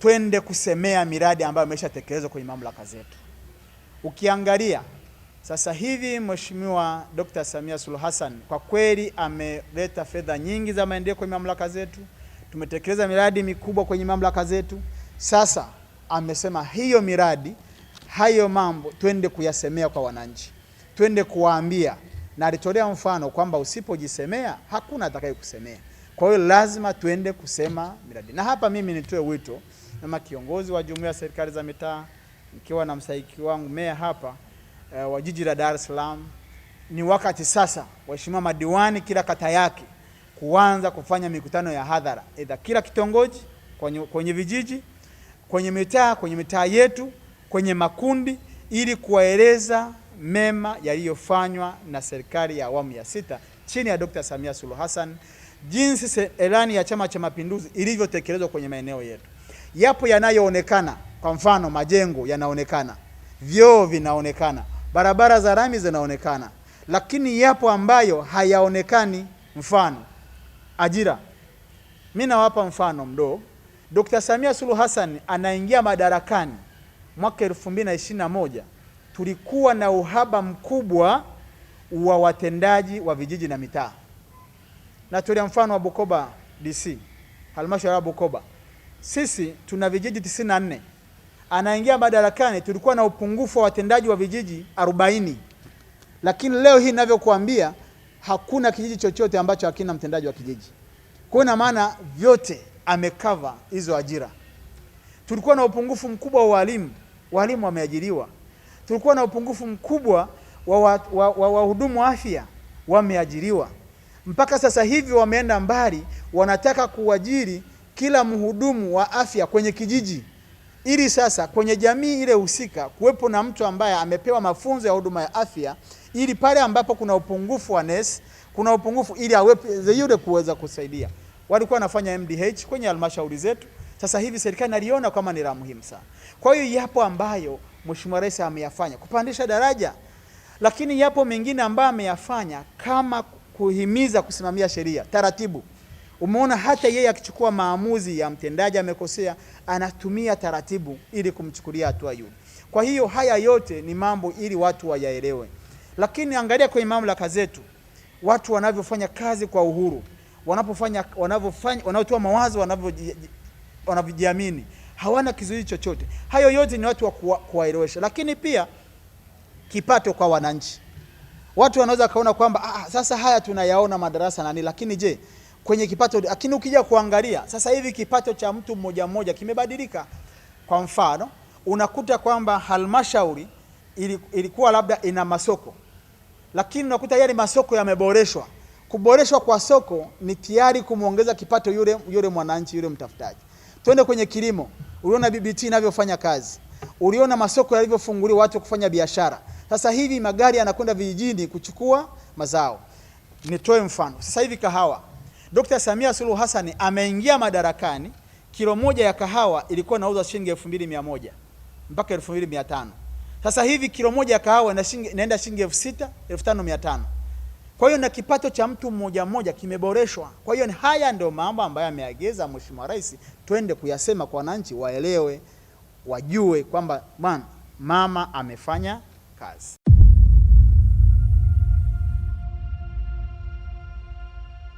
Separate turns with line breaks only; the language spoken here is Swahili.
twende kusemea miradi ambayo imeshatekelezwa kwenye mamlaka zetu. Ukiangalia sasa hivi Mheshimiwa Dkt. Samia Suluhu Hassan kwa kweli ameleta fedha nyingi za maendeleo kwenye mamlaka zetu, tumetekeleza miradi mikubwa kwenye mamlaka zetu. Sasa amesema hiyo miradi, hayo mambo twende kuyasemea kwa wananchi, twende kuwaambia, na alitolea mfano kwamba usipojisemea hakuna atakayekusemea. Kwa hiyo lazima twende kusema miradi, na hapa mimi nitoe wito kama kiongozi wa jumuiya ya serikali za mitaa, nikiwa na msaiki wangu meya hapa e, wa jiji la Dar es Salaam, ni wakati sasa, waheshimiwa madiwani kila kata yake kuanza kufanya mikutano ya hadhara, aidha kila kitongoji, kwenye, kwenye vijiji, kwenye mitaa, kwenye mitaa yetu, kwenye makundi, ili kuwaeleza mema yaliyofanywa na serikali ya awamu ya sita chini ya Dr. Samia Suluhu Hassan, jinsi ilani ya Chama cha Mapinduzi ilivyotekelezwa kwenye maeneo yetu. Yapo yanayoonekana, kwa mfano majengo yanaonekana, vyoo vinaonekana, barabara za rami zinaonekana, lakini yapo ambayo hayaonekani. Mfano ajira, mi nawapa mfano mdogo. Dkt. Samia Suluhu Hassan anaingia madarakani mwaka elfu mbili na ishirini na moja tulikuwa na uhaba mkubwa wa watendaji wa vijiji na mitaa. Natolea mfano wa Bukoba DC, halmashauri ya Bukoba sisi tuna vijiji 94 anaingia madarakani, tulikuwa na upungufu wa watendaji wa vijiji 40, lakini leo hii ninavyokuambia hakuna kijiji chochote ambacho hakina mtendaji wa kijiji. Kwa hiyo maana vyote amekava hizo ajira. Tulikuwa na upungufu mkubwa wa walimu, walimu wameajiriwa. Tulikuwa na upungufu mkubwa wa wahudumu wa, wa, wa afya wameajiriwa. Mpaka sasa hivi wameenda mbali, wanataka kuajiri kila mhudumu wa afya kwenye kijiji, ili sasa kwenye jamii ile husika kuwepo na mtu ambaye amepewa mafunzo ya huduma ya afya, ili pale ambapo kuna upungufu wa nesi, kuna upungufu, ili aweze yule kuweza kusaidia. Walikuwa wanafanya MDH kwenye halmashauri zetu, sasa hivi serikali aliona kama ni la muhimu sana. Kwa hiyo yapo ambayo Mheshimiwa Rais ameyafanya kupandisha daraja, lakini yapo mengine ambayo ameyafanya kama kuhimiza kusimamia sheria taratibu Umeona, hata yeye akichukua maamuzi ya mtendaji amekosea, anatumia taratibu ili kumchukulia hatua yule. Kwa hiyo haya yote ni mambo ili watu wayaelewe, lakini angalia kwenye mamlaka zetu watu wanavyofanya kazi kwa uhuru, wanapofanya wanavyofanya, wanaotoa mawazo, wanavyojiamini, hawana kizuizi chochote. Hayo yote ni watu wa kuwaelewesha, lakini pia kipato kwa wananchi. Watu wanaweza kaona kwamba ah, ah sasa haya tunayaona madarasa nani, lakini je kwenye kipato, lakini ukija kuangalia sasa hivi kipato cha mtu mmoja mmoja kimebadilika. Kwa mfano, unakuta kwamba halmashauri ilikuwa labda ina masoko, lakini unakuta yale masoko yameboreshwa. Kuboreshwa kwa soko ni tayari kumwongeza kipato yule, yule mwananchi yule mtafutaji. Twende kwenye kilimo, uliona BBT inavyofanya kazi, uliona masoko yalivyofunguliwa watu kufanya biashara. Sasa hivi magari yanakwenda vijijini kuchukua mazao. Nitoe mfano sasa hivi kahawa Dr. Samia Suluhu Hassan ameingia madarakani, kilo moja ya kahawa ilikuwa inauzwa shilingi moja mpaka tano Sasa hivi kilo moja ya kahawa inaenda shilingi 6000, 5500. Kwa hiyo na kipato cha mtu mmoja mmoja kimeboreshwa. Kwa hiyo haya ndio mambo ambayo ameagiza Mheshimiwa Rais twende kuyasema kwa wananchi waelewe, wajue kwamba bwana mama amefanya kazi.